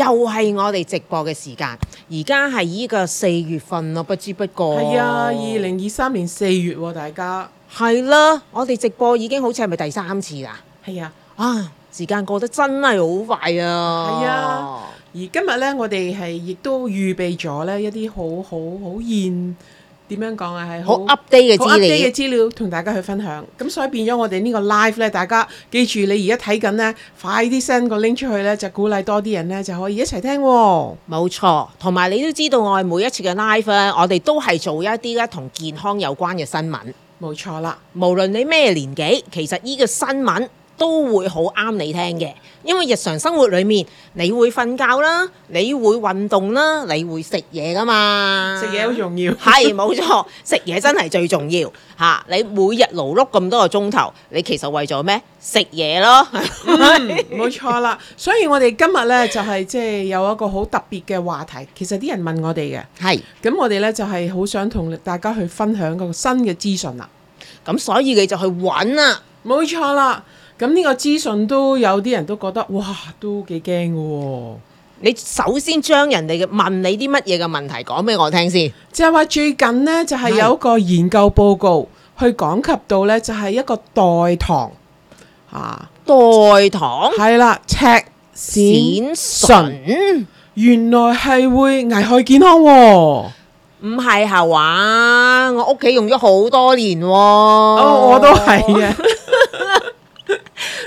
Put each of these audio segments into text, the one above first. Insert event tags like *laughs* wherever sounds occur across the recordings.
又係我哋直播嘅時間，而家係依個四月份咯，不知不覺。係啊，二零二三年四月喎、啊，大家係啦、啊，我哋直播已經好似係咪第三次啦？係啊，啊時間過得真係好快啊！係啊，而今日呢，我哋係亦都預備咗呢一啲好好好現。點樣講啊？係好 update 嘅資料同大家去分享。咁所以變咗我哋呢個 live 咧，大家記住你而家睇緊咧，快啲 send 個 link 出去咧，就鼓勵多啲人咧就可以一齊聽喎。冇錯，同埋你都知道我係每一次嘅 live 咧，我哋都係做一啲咧同健康有關嘅新聞。冇錯啦，無論你咩年紀，其實呢個新聞，都會好啱你聽嘅，因為日常生活裡面，你會瞓覺啦，你會運動啦，你會食嘢噶嘛？食嘢好重要，係冇錯，食嘢真係最重要嚇、啊！你每日勞碌咁多個鐘頭，你其實為咗咩？食嘢咯，冇錯啦。所以我哋今日呢，就係即係有一個好特別嘅話題，其實啲人問我哋嘅，係咁是我哋呢，就係好想同大家去分享嗰個新嘅資訊啦。咁所以你就去揾啦，冇錯啦。咁呢個資訊都有啲人都覺得哇，都幾驚嘅。你首先將人哋嘅，問你啲乜嘢嘅問題，講俾我聽先。即係話最近呢，就係、是、有一個研究報告是去講及到呢，就係、是、一個代糖啊，代糖係啦，赤蘚醇，閃閃，原來係會危害健康，哦。唔係吓話，我屋企用咗好多年哦。哦，我都係嘅。 *laughs*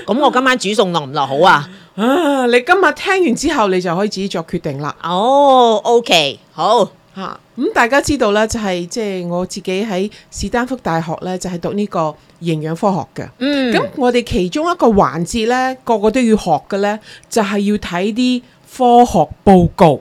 咁 *laughs* 我今晚煮餸落唔落好啊？ *laughs* 啊，你今日聽完之後，你就可以自己作決定啦。哦、oh,，OK，好吓。咁、啊嗯、大家知道啦，就係即係我自己喺史丹福大學呢，就係、是、讀呢個營養科學嘅。嗯，咁我哋其中一個環節呢，個個都要學嘅呢，就係、是、要睇啲科學報告，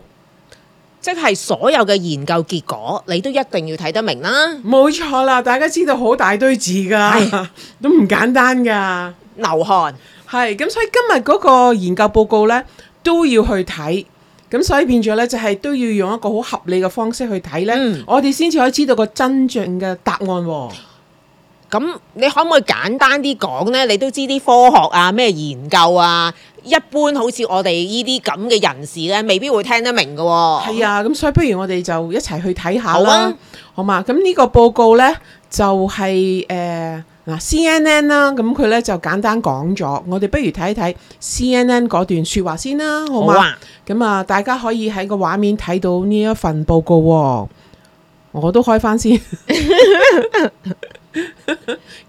即係所有嘅研究結果，你都一定要睇得明啦。冇錯啦，大家知道好大堆字噶，哎、呀 *laughs* 都唔簡單噶。流汗係咁，所以今日嗰個研究報告呢，都要去睇，咁所以變咗呢，就係、是、都要用一個好合理嘅方式去睇呢。嗯、我哋先至可以知道個真正嘅答案、哦。咁、嗯、你可唔可以簡單啲講呢？你都知啲科學啊，咩研究啊，一般好似我哋呢啲咁嘅人士呢，未必會聽得明嘅、哦。係啊，咁所以不如我哋就一齊去睇下啦，好嘛、啊？咁呢個報告呢。就係誒嗱 C N N 啦，咁佢咧就簡單講咗，我哋不如睇一睇 C N N 嗰段說話先啦，好嘛？咁啊，大家可以喺個畫面睇到呢一份報告、哦，我都開翻先， *laughs* *laughs*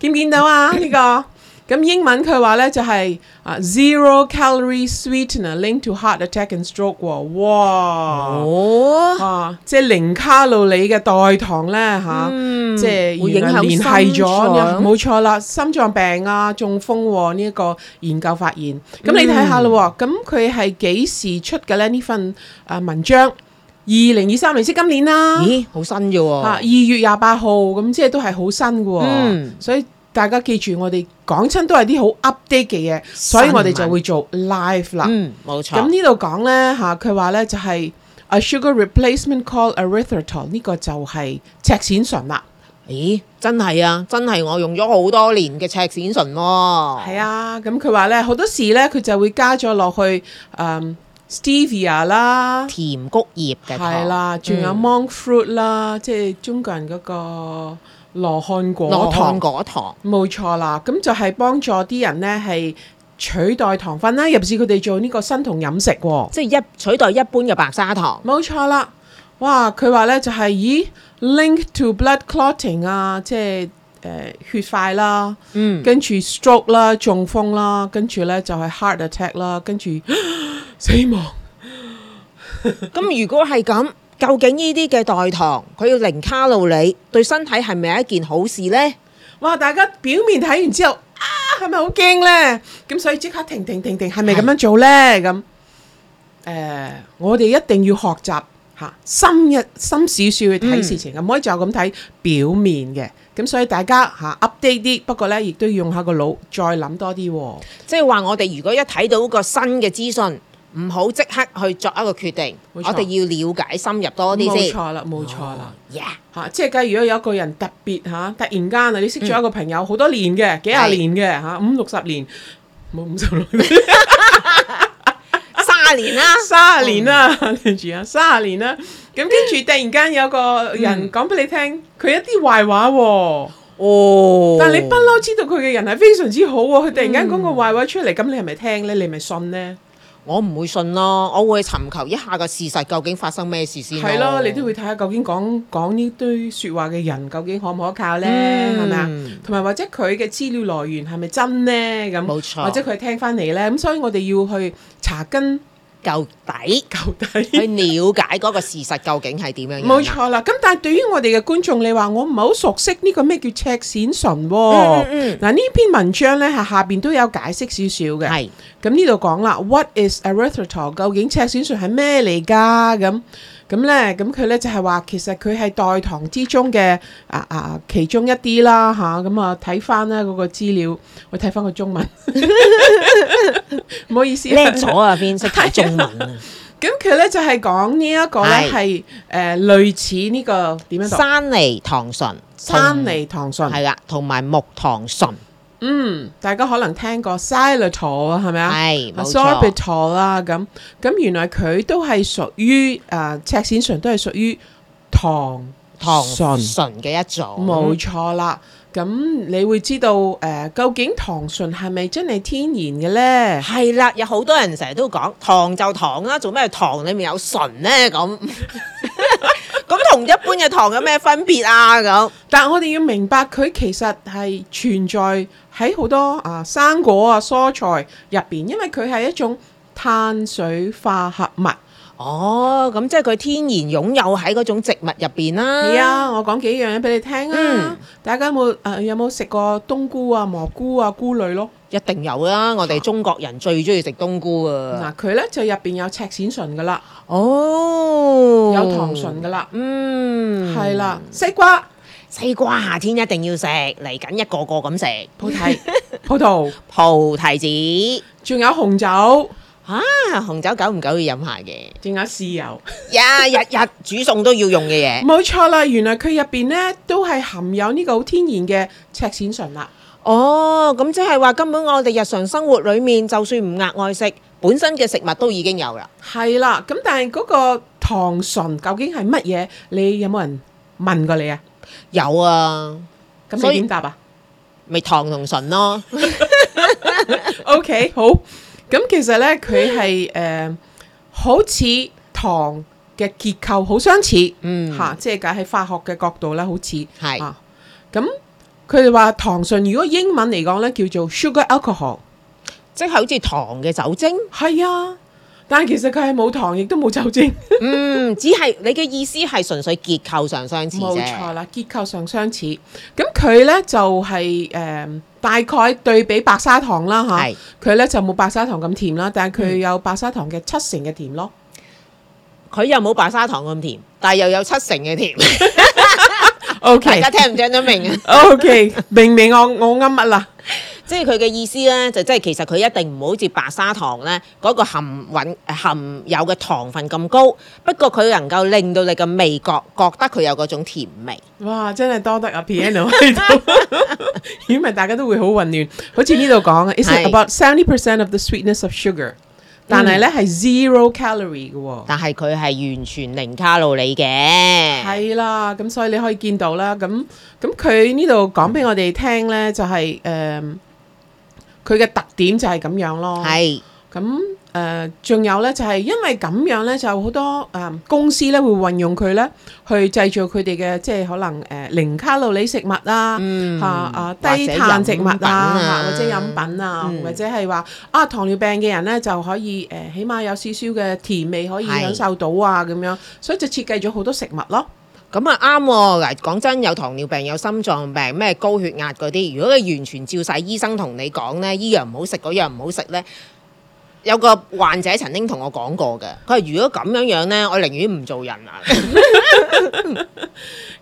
見唔見到啊？呢、這個。 *laughs* 咁英文佢話咧就係、是、啊 zero calorie sweetener linked to heart attack and stroke 喎，哇，哦、啊即係零卡路里嘅代糖咧吓，即係會影響心臟。冇錯啦，心臟病啊中風呢、啊這個研究發現。咁、嗯、你睇下咯，咁佢係幾時出嘅咧？呢份啊文章二零二三年即今年啦、啊，咦，好新嘅喎、啊，二、啊、月廿八號，咁即係都係好新嘅、啊，嗯，所以。大家記住，我哋講親都係啲好 update 嘅嘢，所以我哋就會做 live 啦。嗯，冇錯。咁呢度講咧嚇，佢話咧就係、是、a sugar replacement called erythritol，呢個就係赤蘚醇啦。咦，真係啊，真係我用咗好多年嘅赤蘚醇喎。係啊，咁佢話咧好多時咧，佢就會加咗落去嗯 stevia 啦，甜菊葉嘅糖。係啦、啊，仲有 monk fruit 啦，嗯、即係中國人嗰、那個。羅漢果糖果糖，冇錯啦。咁就係幫助啲人呢，係取代糖分啦，入面佢哋做呢個生酮飲食，即係一取代一般嘅白砂糖。冇錯啦。哇，佢話呢就係、是、咦 link to blood clotting 啊，即係、呃、血塊啦，嗯、跟住 stroke 啦，中風啦，跟住呢就係、是、heart attack 啦，跟住、啊、死亡。咁 *laughs* *laughs* 如果係咁？究竟呢啲嘅代糖，佢要零卡路里，對身體係咪一件好事呢？哇！大家表面睇完之後，啊，係咪好驚呢？咁所以即刻停停停停，係咪咁樣做呢？咁誒係，呃嗯、我哋一定要學習吓，深入深少少去睇事情，唔、嗯、可以就咁睇表面嘅。咁所以大家吓 update 啲，不過呢，亦都要用下個腦再諗多啲，哦，即係話我哋如果一睇到一個新嘅資訊。唔好即刻去作一個決定，我哋要了解深入多啲先。冇錯啦，冇錯啦，吓，即係，假如有一個人特別吓，突然間啊，你識咗一個朋友好多年嘅，幾廿年嘅吓，五六十年冇，五十六年，卅年啦，卅年啦，跟住啊，卅年啦，咁跟住突然間有個人講俾你聽，佢一啲壞話，哦，但你不嬲知道佢嘅人係非常之好，佢突然間講個壞話出嚟，咁你係咪聽咧？你係咪信咧？我唔會信咯，我會尋求一下個事實究竟發生咩事先咯。係咯，你都會睇下究竟講講呢堆說話嘅人究竟可唔可靠呢？係咪啊？同埋或者佢嘅資料來源係咪真呢？咁、嗯，冇錯，或者佢聽翻嚟呢？咁、嗯、所以我哋要去查根。究底，究底，去了解嗰個事實究竟係點樣。冇錯啦，咁 *laughs* 但係對於我哋嘅觀眾，你話我唔係好熟悉呢個咩叫赤蘚醇、哦、 *laughs* 嗯嗱、嗯、呢篇文章呢係下邊都有解釋少少嘅。係是。咁呢度講啦，What is erythritol？t、er、究竟赤蘚醇係咩嚟噶？咁。咁咧，咁佢咧就係話，其實佢係代糖之中嘅啊啊啊其中一啲啦，吓咁啊睇翻咧嗰個資料，我睇翻個中文，唔好意思，咩錯啊邊識太中文啊？咁佢咧就係講呢一個咧係誒類似呢個點樣山梨糖醇、山梨糖醇係啦，同埋，哎，木糖醇。嗯，大家可能聽過 sila 係咪啊？係冇錯啦，咁咁，原來佢都係屬於誒，赤蘚醇都係屬於糖糖醇嘅一種，冇錯啦。咁你會知道誒、呃，究竟糖醇係咪真係天然嘅呢？係啦，有好多人成日都講糖就糖啦，做咩糖裏面有醇呢？咁咁同一般嘅糖有咩分別啊？咁 *laughs* 但係我哋要明白，佢其實係存在。喺好多啊、呃、生果啊蔬菜入邊，因為佢係一種碳水化合物。哦，咁即係佢天然擁有喺嗰種植物入邊啦。係啊，我講幾樣嘢俾你聽啊。嗯、大家有冇誒有冇食、呃、過冬菇啊蘑菇啊菇類咯？一定有啦、啊，我哋中國人最中意食冬菇啊。嗱、啊，佢咧就入邊有赤蘚醇噶啦。哦，嗯、有糖醇噶、嗯、啦。嗯，係啦，西瓜。西瓜夏天一定要食，嚟緊一個個咁食。葡萄、 *laughs* 葡萄、 *laughs* 葡提子，仲有紅酒啊，紅酒久唔久要飲下嘅。仲有豉油，一、 *laughs* yeah, 日日煮餸都要用嘅嘢。冇錯啦，原來佢入邊呢都係含有呢個好天然嘅赤蘚醇啦。哦，咁即係話根本我哋日常生活裏面，就算唔額外食，本身嘅食物都已經有啦。係啦，咁但係嗰個糖醇究竟係乜嘢？你有冇人問過你啊？有啊，咁、嗯、以你以點答啊？咪糖同醇咯 *laughs* *laughs* okay,。O K 好咁，其實咧佢係誒好似糖嘅結構好相似，嗯吓、啊，即係解喺化學嘅角度咧，好似係啊。咁佢哋話糖醇，如果英文嚟講咧，叫做 sugar alcohol，即係好似糖嘅酒精，係啊。但係其實佢係冇糖亦都冇酒精， *laughs* 嗯，只係你嘅意思係純粹結構上相似。冇錯啦，結構上相似。咁佢呢就係、是、誒、呃，大概對比白砂糖啦吓，佢是呢就冇白砂糖咁甜啦，但係佢有白砂糖嘅七成嘅甜咯。佢又冇白砂糖咁甜，但係又有七成嘅甜。 *laughs* *laughs* OK，大家聽唔聽得明啊 *laughs* ？OK，明明，明我我啱乜啦？即係佢嘅意思咧，就即係其實佢一定唔好似白砂糖咧嗰、嗰個含蘊含有嘅糖分咁高，不過佢能夠令到你嘅味覺覺得佢有嗰種甜味。哇！真係多得阿 Piano 喺度，如果唔係大家都會好混亂。好似呢度講嘅，It's about seventy percent of the sweetness of sugar，但係咧係 zero calorie 嘅、哦。但係佢係完全零卡路里嘅。係啦，咁所以你可以見到啦，咁咁佢呢度講俾我哋聽咧，就係、是、誒。呃佢嘅特點就係咁樣咯，咁誒仲有咧就係、是、因為咁樣咧，就好多誒、呃、公司咧會運用佢咧去製造佢哋嘅即係可能誒、呃、零卡路里食物啦、啊，嚇、嗯、啊低碳食物啊，或者飲品啊，嗯、或者係話啊糖尿病嘅人咧就可以誒、呃，起碼有少少嘅甜味可以享受到啊咁是樣，所以就設計咗好多食物咯。咁啊啱喎！嚟講真有糖尿病、有心臟病、咩高血壓嗰啲，如果你完全照晒醫生同你講呢，依樣唔好食，嗰樣唔好食呢。有個患者曾經同我講過嘅，佢話如果咁樣樣呢，我寧願唔做人啊！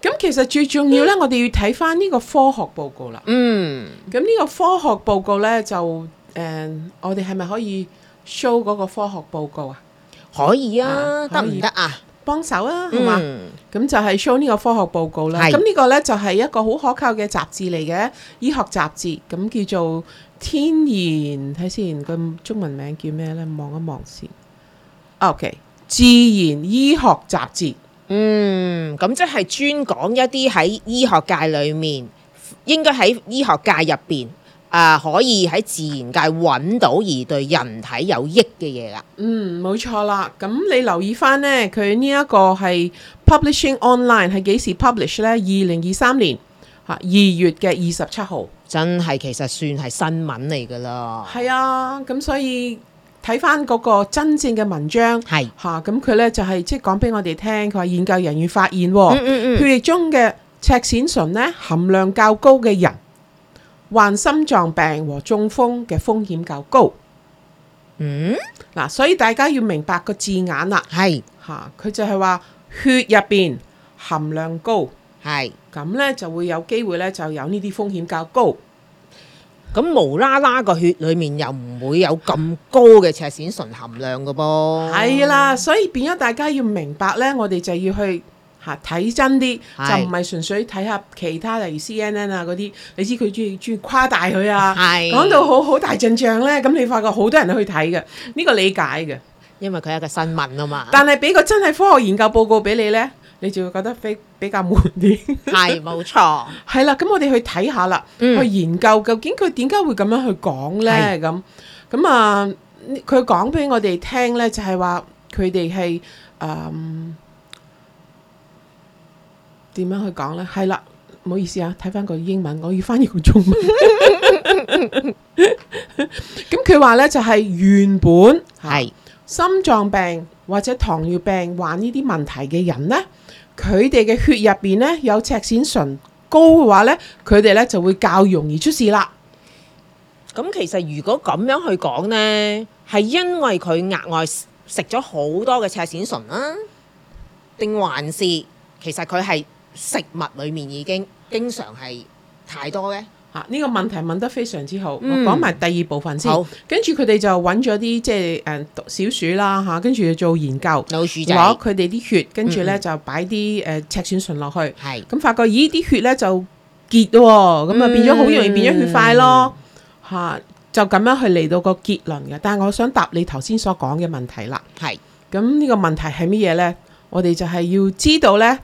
咁其實最重要呢，我哋要睇翻呢個科學報告啦。嗯，咁呢個科學報告呢，就誒、呃，我哋係咪可以 show 嗰個科學報告啊？可以啊，得唔得啊？幫手啊，好嘛？咁、嗯、就係 show 呢個科學報告啦。咁呢個呢，就係一個好可靠嘅雜誌嚟嘅，是醫學雜誌。咁叫做《天然》睇吓，睇先個中文名叫咩呢？望一望先。OK，《自然醫學雜誌》。嗯，咁即係專講一啲喺醫學界裏面，應該喺醫學界入邊。啊，可以喺自然界揾到而對人體有益嘅嘢啦。嗯，冇錯啦。咁你留意翻呢，佢呢一個係 publishing online 係幾時 publish 呢？二零二三年嚇二，啊、月嘅二十七號，真係其實算係新聞嚟噶咯。係啊，咁所以睇翻嗰個真正嘅文章係嚇，咁佢、是、啊、呢就係即係講俾我哋聽，佢話研究人員發現，嗯、嗯、血、嗯、液中嘅赤蘚醇呢含量較高嘅人，患心臟病和中風嘅風險較高。嗯，嗱、啊，所以大家要明白個字眼啦，係吓是，佢、啊、就係話血入邊含量高，係咁呢就會有機會呢就有呢啲風險較高。咁無啦啦個血裏面又唔會有咁高嘅赤蘚醇含量㗎噃，係啦，所以變咗大家要明白呢，我哋就要去。吓睇真啲是就唔係純粹睇下其他例如 C N N 啊嗰啲，你知佢中意中意誇大佢啊，講到好好大陣仗咧。咁你發覺好多人都去睇嘅呢個理解嘅，因為佢係個新聞啊嘛。但係俾個真係科學研究報告俾你咧，你就會覺得非比較悶啲。係冇錯。係 *laughs* *laughs* 啦，咁我哋去睇下啦，去研究究竟佢點解會咁樣去講咧？咁咁啊，佢講俾我哋聽咧，就係話佢哋係誒。點樣去講呢？係啦，唔好意思啊，睇翻個英文，我要翻譯個中文。咁佢話呢，就係、是、原本係心臟病或者糖尿病患呢啲問題嘅人呢，佢哋嘅血入邊呢有赤蘚醇高嘅話呢，佢哋呢就會較容易出事啦。咁其實如果咁樣去講呢，係因為佢額外食咗好多嘅赤蘚醇啦，定還是其實佢係？食物裏面已經經常係太多嘅。吓、啊，呢、這個問題問得非常之好。嗯、我講埋第二部分先，好跟住佢哋就揾咗啲即係誒小鼠啦吓、啊，跟住做研究，老鼠仔攞佢哋啲血，跟住呢就擺啲誒赤蘚醇落去，咁發覺，咦啲血呢就結，咁啊變咗好容易變咗血塊咯吓，就咁樣去嚟到個結論嘅。但係我想答你頭先所講嘅問題啦，係咁呢個問題係乜嘢呢？我哋就係要知道呢。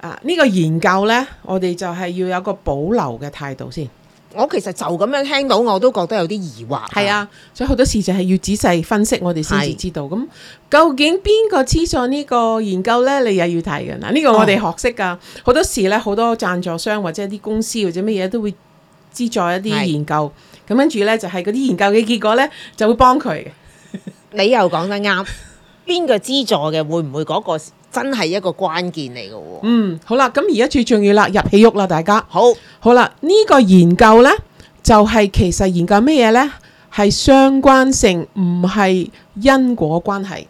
啊！呢、這個研究呢，我哋就係要有個保留嘅態度先。我其實就咁樣聽到，我都覺得有啲疑惑。係啊，啊所以好多時就係要仔細分析，我哋先至知道。咁是、啊、究竟邊個資助呢個研究呢，你又要睇嘅嗱，呢、啊這個我哋學識噶。好多時呢，好多贊助商或者啲公司或者乜嘢都會資助一啲研究。咁跟住呢，就係嗰啲研究嘅結果呢，就會幫佢。你又講得啱，邊個 *laughs* 資助嘅會唔會嗰個？真係一個關鍵嚟嘅。嗯，好啦，咁而家最重要啦，入起屋啦，大家好，好啦，呢、這個研究呢，就係、是、其實研究咩嘢呢？係相關性，唔係因果關係。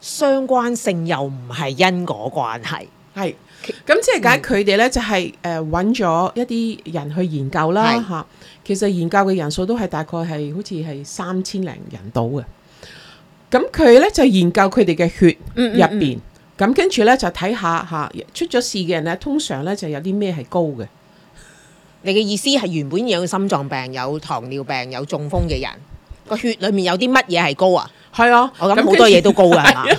相關性又唔係因果關係，係。咁即係解佢哋呢，就係誒揾咗一啲人去研究啦吓。嗯、其實研究嘅人數都係大概係好似係三千零人度嘅。咁佢呢，就研究佢哋嘅血入邊。嗯嗯嗯咁跟住咧就睇下吓、啊，出咗事嘅人咧通常咧就有啲咩係高嘅？你嘅意思係原本有心臟病、有糖尿病、有中風嘅人，個血裏面有啲乜嘢係高啊？係啊，那我諗好多嘢 *laughs* 都高噶、啊，係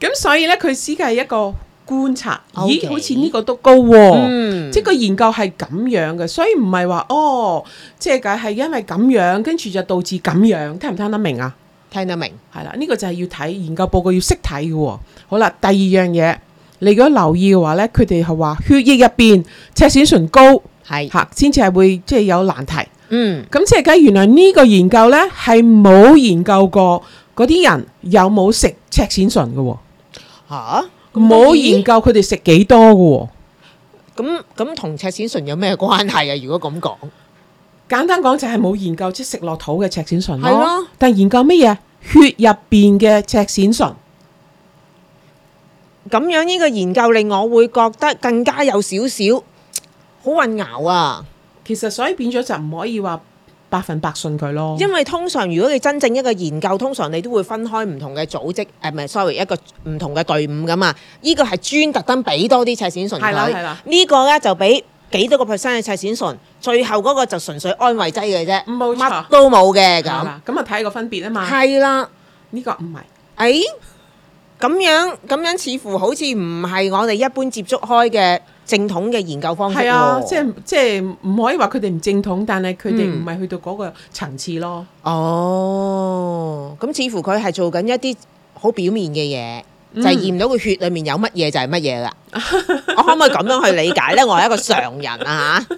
咁、啊、所以咧，佢只係一個觀察。咦，Okay. 好似呢個都高、哦，即係個研究係咁樣嘅，所以唔係話哦，即係佢係因為咁樣，跟住就導致咁樣，聽唔聽得明啊？聽得明，係啦，呢、這個就係要睇研究報告要識睇嘅。好啦，第二樣嘢，你如果留意嘅話呢，佢哋係話血液入邊赤蘚醇高，係吓先至係會即係、就是、有難題。嗯，咁即係咁，原來呢個研究呢，係冇研究過嗰啲人有冇食赤蘚醇嘅、哦，吓冇、啊、研究佢哋食幾多嘅、哦。咁咁同赤蘚醇有咩關係啊？如果咁講？簡單講就係冇研究即食落肚嘅赤蘚醇咯，啊、但係研究乜嘢？血入邊嘅赤蘚醇，咁樣呢個研究令我會覺得更加有少少好混淆啊！其實所以變咗就唔可以話百分百信佢咯。因為通常如果你真正一個研究，通常你都會分開唔同嘅組織，誒唔係 sorry 一個唔同嘅隊伍㗎嘛。呢、這個係專特登俾多啲赤蘚醇，係啦係啦，呢、啊啊、個咧就俾幾多個 percent 嘅赤蘚醇。最後嗰個就純粹安慰劑嘅啫，乜錯都冇嘅咁，咁啊睇個分別啊嘛，係啦，呢個唔係，誒，咁樣咁樣似乎好似唔係我哋一般接觸開嘅正統嘅研究方式，係啊，即係即係唔可以話佢哋唔正統，但係佢哋唔係去到嗰個層次咯。哦，咁似乎佢係做緊一啲好表面嘅嘢。就係驗到個血裏面有乜嘢，就係乜嘢啦，我可唔可以咁樣去理解咧？我係一個常人啊吓。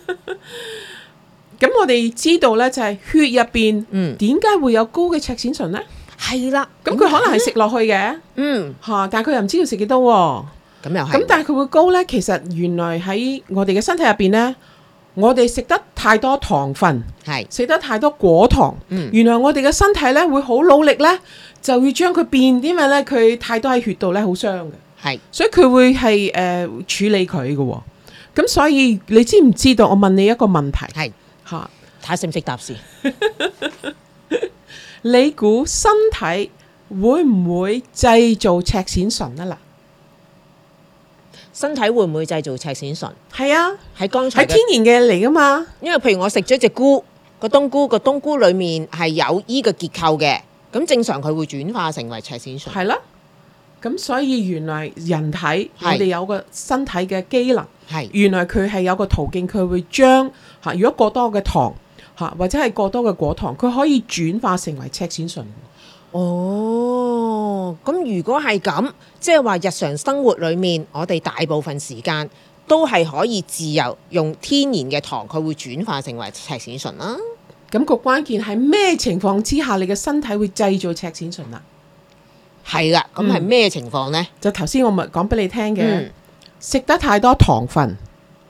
咁我哋知道咧，就係血入邊，嗯，點解會有高嘅赤蘚醇咧？係啦，咁佢可能係食落去嘅，嗯吓，但係佢又唔知道食幾多，咁又係，咁但係佢會高咧？其實原來喺我哋嘅身體入邊咧。我哋食得太多糖分，係食是得太多果糖，嗯、原來我哋嘅身體咧會好努力咧，就會將佢變，因為咧佢太多喺血度咧好傷嘅，係是，所以佢會係誒、呃、處理佢嘅、哦，咁所以你知唔知道？我問你一個問題，係吓睇下識唔識答先。 *laughs* 你估身體會唔會製造赤蘚醇啊？嗱？身體會唔會製造赤蘚醇？係啊，喺剛才，係天然嘅嚟㗎嘛。因為譬如我食咗隻菇，個冬菇，個冬菇裡面係有呢個結構嘅。咁正常佢會轉化成為赤蘚醇。係囉、啊。咁所以原來人體是我哋有個身體嘅機能。係是。原來佢係有個途徑，佢會將嚇，如果過多嘅糖嚇，或者係過多嘅果糖，佢可以轉化成為赤蘚醇。哦，咁如果係咁，即係話日常生活裡面，我哋大部分時間都係可以自由用天然嘅糖，佢會轉化成為赤蘚醇啦。咁個關鍵係咩情況之下，你嘅身體會製造赤蘚醇啊？係啦，咁係咩情況呢？嗯、就頭先我咪講俾你聽嘅，食、嗯、得太多糖分，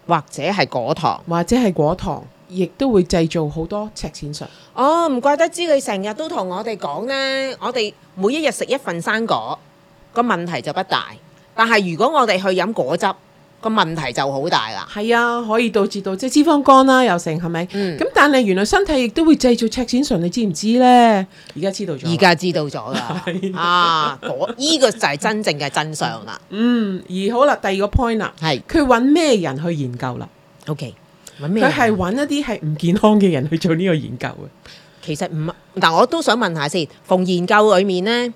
或者係果糖，或者係果糖。亦都會製造好多赤蘚醇。哦，唔怪得知。佢成日都同我哋講呢，我哋每一日食一份生果，個問題就不大。但係如果我哋去飲果汁，個問題就好大啦。係啊，可以導致到即係脂肪肝啦，又成係咪？咁、嗯、但係原來身體亦都會製造赤蘚醇，你知唔知呢？而家知道咗。而家知道咗啦。 *laughs* 啊，果依、這個就係真正嘅真相啦。嗯。而好啦，第二個 point 啦、啊，係佢揾咩人去研究啦？OK。佢係揾一啲係唔健康嘅人去做呢個研究嘅，其實唔嗱，但我都想問下先，從研究裏面呢，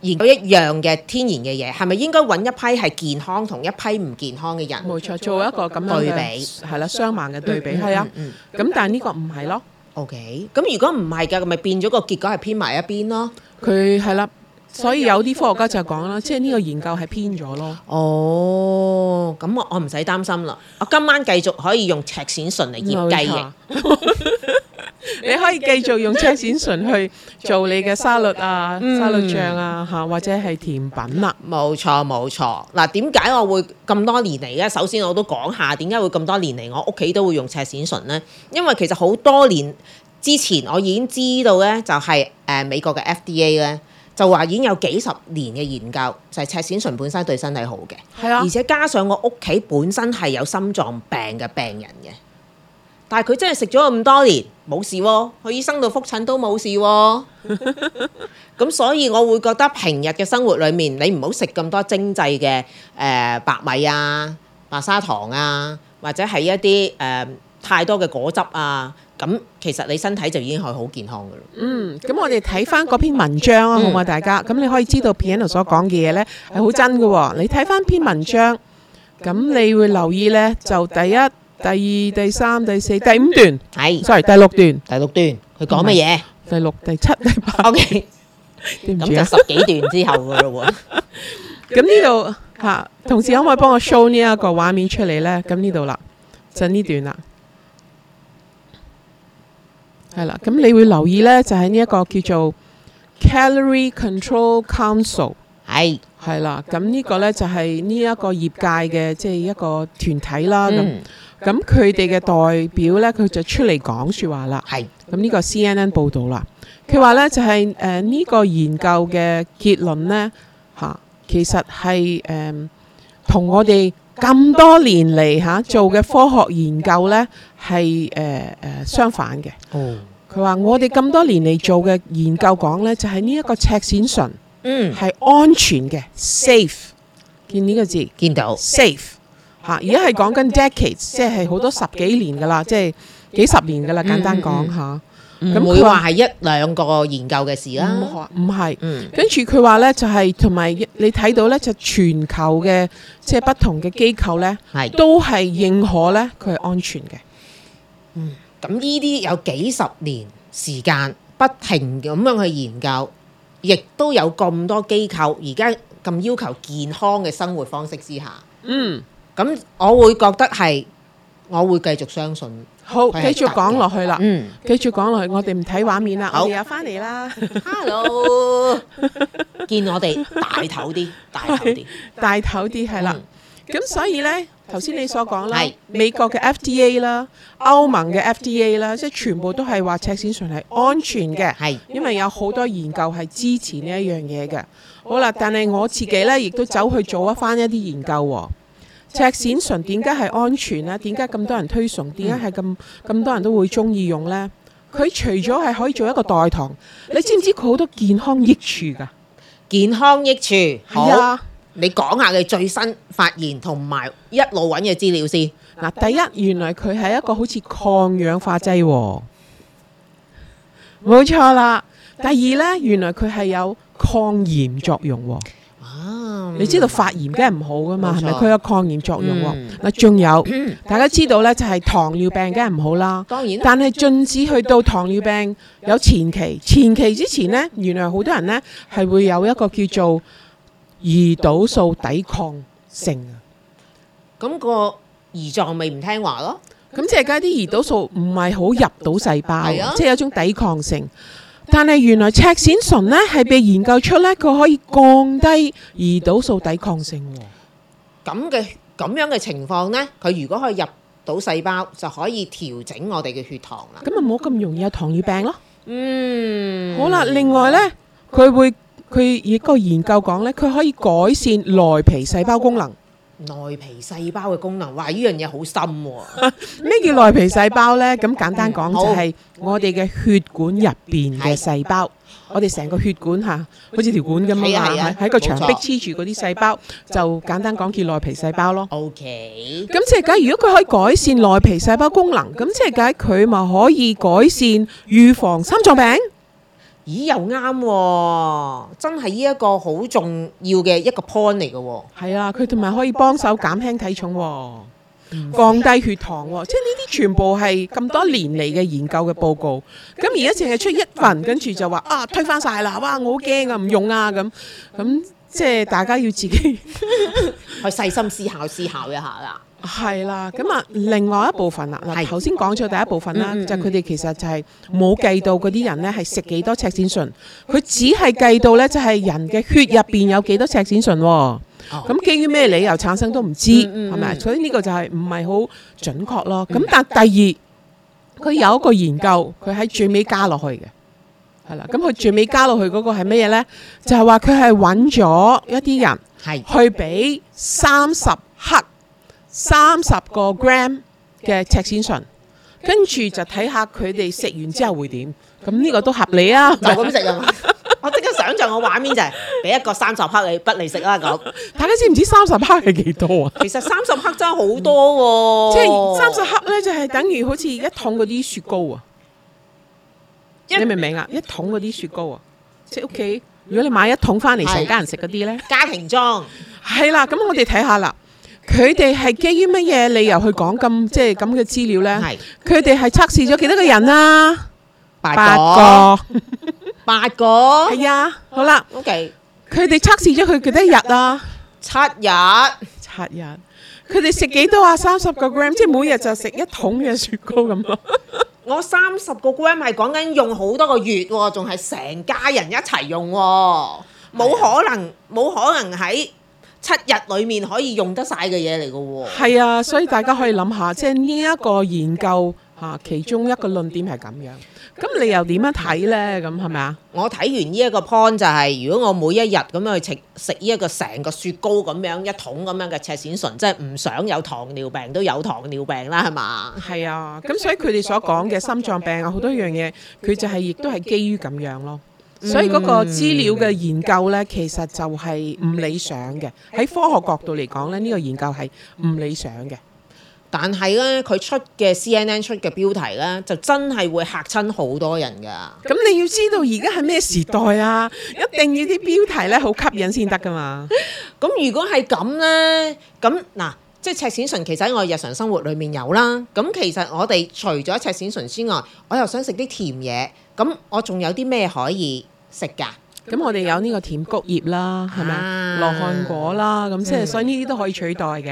研究一樣嘅天然嘅嘢，係咪應該揾一批係健康同一批唔健康嘅人？冇錯，做一個咁對比，係啦，雙盲嘅對比，係啊、嗯，嗯。咁、啊嗯、但係呢個唔係咯，OK。咁如果唔係嘅，咪變咗個結果係偏埋一邊咯。佢係啦。所以有啲科學家就講啦，嗯、即係呢個研究係偏咗咯。哦，咁、嗯、我我唔使擔心啦。我今晚繼續可以用赤蘚醇嚟醃雞翼。你可以繼續用赤蘚醇去做你嘅沙律啊、沙律醬啊，嚇、嗯啊、或者係甜品、嗯、錯錯啦。冇錯冇錯。嗱，點解我會咁多年嚟咧？首先我都講下點解會咁多年嚟。我屋企都會用赤蘚醇咧，因為其實好多年之前我已經知道咧、就是，就係誒美國嘅 FDA 咧。就話已經有幾十年嘅研究，就係、係、赤蘚醇本身對身體好嘅，的而且加上我屋企本身係有心臟病嘅病人嘅，但係佢真係食咗咁多年冇事、啊，去醫生度覆診都冇事、啊，咁 *laughs* 所以我會覺得平日嘅生活裏面，你唔好食咁多精製嘅誒、呃、白米啊、白砂糖啊，或者係一啲誒、呃、太多嘅果汁啊。咁其實你身體就已經係好健康噶。嗯，咁我哋睇翻嗰篇文章啊，好唔好？嗯、大家，咁你可以知道 Piano 所講嘅嘢呢係好真噶、哦。你睇翻篇文章，咁你會留意呢，就第一、第二、第三、第四、第五段，係第，sorry，第六段，第六段，佢講乜嘢？第六、第七、第八，OK，咁就十幾段之後噶啦喎。咁呢度吓，同事可唔可以幫我 show 呢一個畫面出嚟呢？咁呢度啦，就呢段啦。係啦，咁你會留意呢，就係呢一個叫做 Calorie Control Council，係係啦，咁呢個呢，就係呢一個業界嘅即係一個團體啦，咁咁佢哋嘅代表呢，佢就出嚟講說話啦，係是，咁呢個 CNN 報道啦，佢話是呢，就係誒呢個研究嘅結論呢，吓其實係誒、嗯、同我哋。咁多年嚟嚇、啊、做嘅科學研究咧，係誒誒相反嘅。哦、嗯，佢話我哋咁多年嚟做嘅研究講咧，就係呢一個赤蘚醇，嗯，係安全嘅，safe。見呢個字，見到。safe 嚇，而家係講緊 decades，即係好多十幾年噶啦，即、就、係、是、幾十年噶啦，簡單講下。嗯嗯啊唔、嗯、會話係一兩個研究嘅事啦、啊，唔係是，嗯、跟住佢話呢，就係同埋你睇到呢，就全球嘅即係不同嘅機構呢，係是都係認可呢，佢係安全嘅。嗯，咁呢啲有幾十年時間不停咁樣去研究，亦都有咁多機構而家咁要求健康嘅生活方式之下，嗯，咁我會覺得係我會繼續相信。好，繼續講落去啦。嗯，繼續講落去，我哋唔睇畫面啦。好，我哋又翻嚟啦，Hello，見我哋大頭啲，大頭啲，大頭啲係啦。咁、嗯、所以呢，頭先你所講啦，是美國嘅 FDA 啦是，歐盟嘅 FDA 啦是，即係全部都係話赤蘚醇係安全嘅，係是，因為有好多研究係支持呢一樣嘢嘅。好啦，但係我自己呢，亦都走去做一翻一啲研究。赤蘚醇點解係安全咧、啊？點解咁多人推崇？點解係咁咁多人都會中意用呢？佢、嗯、除咗係可以做一個代糖，嗯、你知唔知佢好多健康益處噶健康益處，啊好，嗯、你講下嘅最新發現同埋一路揾嘅資料先。嗱，第一，原來佢係一個好似抗氧化劑、哦，冇錯啦。第二呢，原來佢係有抗炎作用、哦。嗯、你知道發炎梗係唔好噶嘛？係咪冇錯？佢有抗炎作用。嗱、嗯，仲有 *coughs* 大家知道咧，就係糖尿病梗係唔好啦。當然，當然但係即止去到糖尿病有前期，前期前有，前期之前咧，原來好多人咧係會有一個叫做胰島素抵抗性啊。咁個胰臟咪唔聽話咯？咁即係加啲胰島素唔係好入到細胞，即係、嗯、有種抵抗性。但係原來赤蘚醇咧係被研究出咧，佢可以降低胰島素抵抗性，咁嘅，咁樣嘅情況呢，佢如果可以入到細胞，就可以調整我哋嘅血糖啦。咁咪冇咁容易有糖尿病咯。嗯，好啦，另外呢，佢會佢以個研究講呢，佢可以改善內皮細胞功能。內皮細胞嘅功能，哇！呢樣嘢好深喎、啊。咩叫內皮細胞呢？咁簡單講就係我哋嘅血管入邊嘅細胞。好我哋成個血管吓，好似條管咁啊，喺、啊、個牆壁黐住嗰啲細胞，錯就簡單講叫內皮細胞咯。O Okay K。咁即係解，如果佢可以改善內皮細胞功能，咁即係解佢咪可以改善預防心臟病？咦，又啱喎、哦！真係呢一個好重要嘅一個 point 嚟嘅喎。係啊，佢同埋可以幫手減輕體重、哦，嗯、降低血糖、哦，即係呢啲全部係咁多年嚟嘅研究嘅報告。咁而家淨係出一份，跟住、嗯、就話啊，推翻曬啦，哇我好驚啊，唔用啊，咁咁即係大家要自己 *laughs* 去細心思考思考一下啦。係啦，咁啊，另外一部分啊，嗱，頭先講咗第一部分啦，是就佢哋其實就係冇計到嗰啲人咧，係食幾多赤蘚醇，佢只係計到咧，就係人嘅血入邊有幾多赤蘚醇，咁基於咩理由產生都唔知，係咪、嗯嗯？所以呢個就係唔係好準確咯。咁、嗯、但第二，佢有一個研究，佢喺最尾加落去嘅，係啦，咁佢最尾加落去嗰個係咩嘢咧？就係話佢係揾咗一啲人，係去俾三十克。三十個 gram 嘅赤蘚醇，跟住就睇下佢哋食完之後會點。咁呢個都合理啊！就咁食啊！ *laughs* 我即刻想象個畫面就係俾一個三十克你不嚟食啦咁。大家 *laughs* 知唔知三十克係幾多、啊、多啊？其實三十克真係好多，即係三十克咧就係等於好似一桶嗰啲雪糕啊！嗯、你明唔明啊？嗯、一桶嗰啲雪糕啊！即係屋企，如果你買一桶翻嚟成家人食嗰啲咧，家庭裝係啦。咁 *laughs* 我哋睇下啦。佢哋係基於乜嘢理由去講咁即係咁嘅資料呢？佢哋係測試咗幾多個人啊？八個，八個係啊。好啦，OK。佢哋測試咗佢幾多日啊？七日，七日。佢哋食幾多啊？三十個 gram，即係每日就食一桶嘅雪糕咁咯。我三十個 gram 係講緊用好多個月，仲係成家人一齊用，冇可能，冇可能喺。七日裏面可以用得晒嘅嘢嚟噶喎，係啊，所以大家可以諗下，即係呢一個研究吓，其中一個論點係咁樣。咁、就是、你又點樣睇呢？咁係咪啊？我睇完呢一個 point 就係、是，如果我每一日咁、這個、樣去食食呢一個成個雪糕咁樣一桶咁樣嘅赤蘚醇，即係唔想有糖尿病都有糖尿病啦，係嘛？係啊，咁、嗯、所以佢哋所講嘅心臟病啊，好多樣嘢，佢就係、是、亦都係基於咁樣咯。所以嗰個資料嘅研究呢，其實就係唔理想嘅。喺科學角度嚟講咧，呢個研究係唔理想嘅。但係呢，佢出嘅 CNN 出嘅標題呢，就真係會嚇親好多人噶。咁你要知道而家係咩時代啊？一定要啲標題呢好吸引先得噶嘛。咁如果係咁呢，咁嗱，即係赤蘚醇其實喺我哋日常生活裡面有啦。咁其實我哋除咗赤蘚醇之外，我又想食啲甜嘢。咁我仲有啲咩可以食噶？咁我哋有呢個甜菊葉啦，係咪羅漢果啦？咁即係，嗯、所以呢啲都可以取代嘅，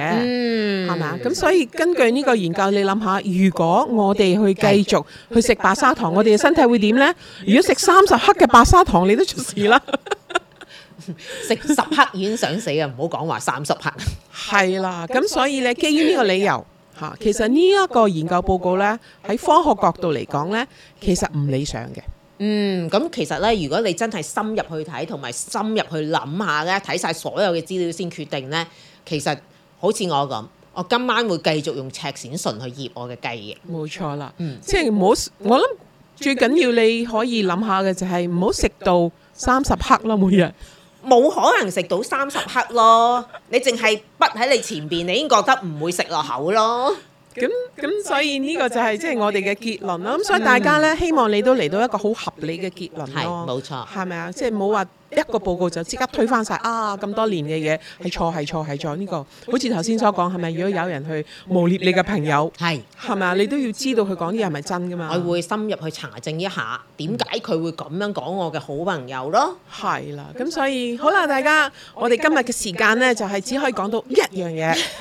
係咪啊？咁所以根據呢個研究，你諗下，如果我哋去繼續去食白砂糖，我哋嘅身體會點呢？如果食三十克嘅白砂糖，你都出事啦。 *laughs* 食十克已經想死啊！唔好講話三十克，係 *laughs* 啦。咁所以咧，基於呢個理由。嚇，其實呢一個研究報告呢，喺科學角度嚟講呢，其實唔理想嘅。嗯，咁其實呢，如果你真係深入去睇，同埋深入去諗下咧，睇晒所有嘅資料先決定呢，其實好似我咁，我今晚會繼續用赤蘚醇去醃我嘅雞翼。冇錯啦，嗯，即係唔好，我諗最緊要你可以諗下嘅就係唔好食到三十克啦，每日。冇可能食到三十克咯，你淨係筆喺你前邊，你已經覺得唔會食落口咯。咁咁，嗯嗯，所以呢個就係即係我哋嘅結論啦。咁，嗯、所以大家咧，希望你都嚟到一個好合理嘅結論咯。係，冇錯。係咪啊？即係冇話一個報告就即刻推翻晒啊！咁多年嘅嘢係錯係錯係錯呢，呢個。好似頭先所講係咪？如果有人去污蔑你嘅朋友，係，係咪啊？你都要知道佢講啲係咪真噶嘛？我會深入去查證一下，點解佢會咁樣講我嘅好朋友咯？係啦，咁所以好啦，大家，我哋今日嘅時間咧，就係，係，只可以講到一樣嘢。 *laughs* *laughs*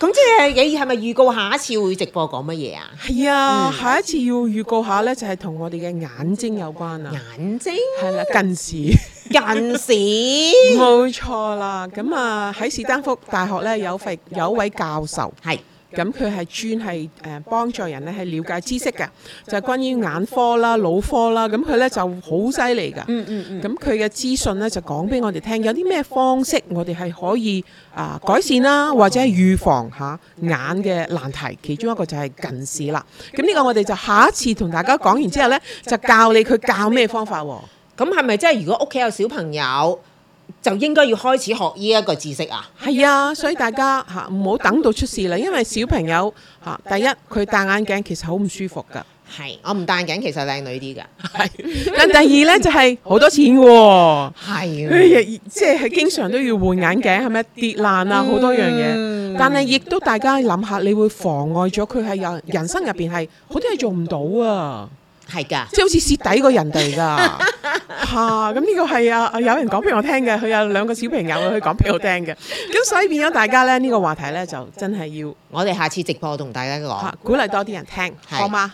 咁即係你係咪預告下一次會直播講乜嘢啊？係啊，嗯，下一次要預告下呢，就係同我哋嘅眼睛有關啦。眼睛係啦，近視。近視時冇 *laughs* 錯啦。咁啊，喺士丹福大學呢，有一位教授係。咁佢係專係誒幫助人咧係瞭解知識㗎，就係關於眼科啦、腦科啦，咁佢咧就好犀利㗎。嗯嗯嗯。咁佢嘅資訊咧就講俾我哋聽，有啲咩方式我哋係可以啊改善啦，或者係預防下眼嘅難題。其中一個就係近視啦。咁呢個我哋就下一次同大家講完之後咧，就教你佢教咩方法喎。咁係咪即係如果屋企有小朋友？嗯嗯嗯嗯就應該要開始學呢一個知識啊！係啊，所以大家嚇唔好等到出事啦，因為小朋友嚇、啊、第一佢戴眼鏡其實好唔舒服㗎。係，我唔戴眼鏡其實靚女啲㗎。係，但第二呢 *laughs* 就係好多錢喎、啊。係、啊，即係經常都要換眼鏡，係咪跌爛啊？好多樣嘢，嗯、但係亦都大家諗下，你會妨礙咗佢喺人人生入邊係好多嘢做唔到啊！係噶，是即係好似蝕底過人哋㗎嚇！咁呢個係啊，有人講俾我聽嘅，佢有兩個小朋友，佢講俾我聽嘅。咁所以變咗大家咧呢個話題呢，就真係要，我哋下次直播同大家講、啊，鼓勵多啲人聽，是好嗎？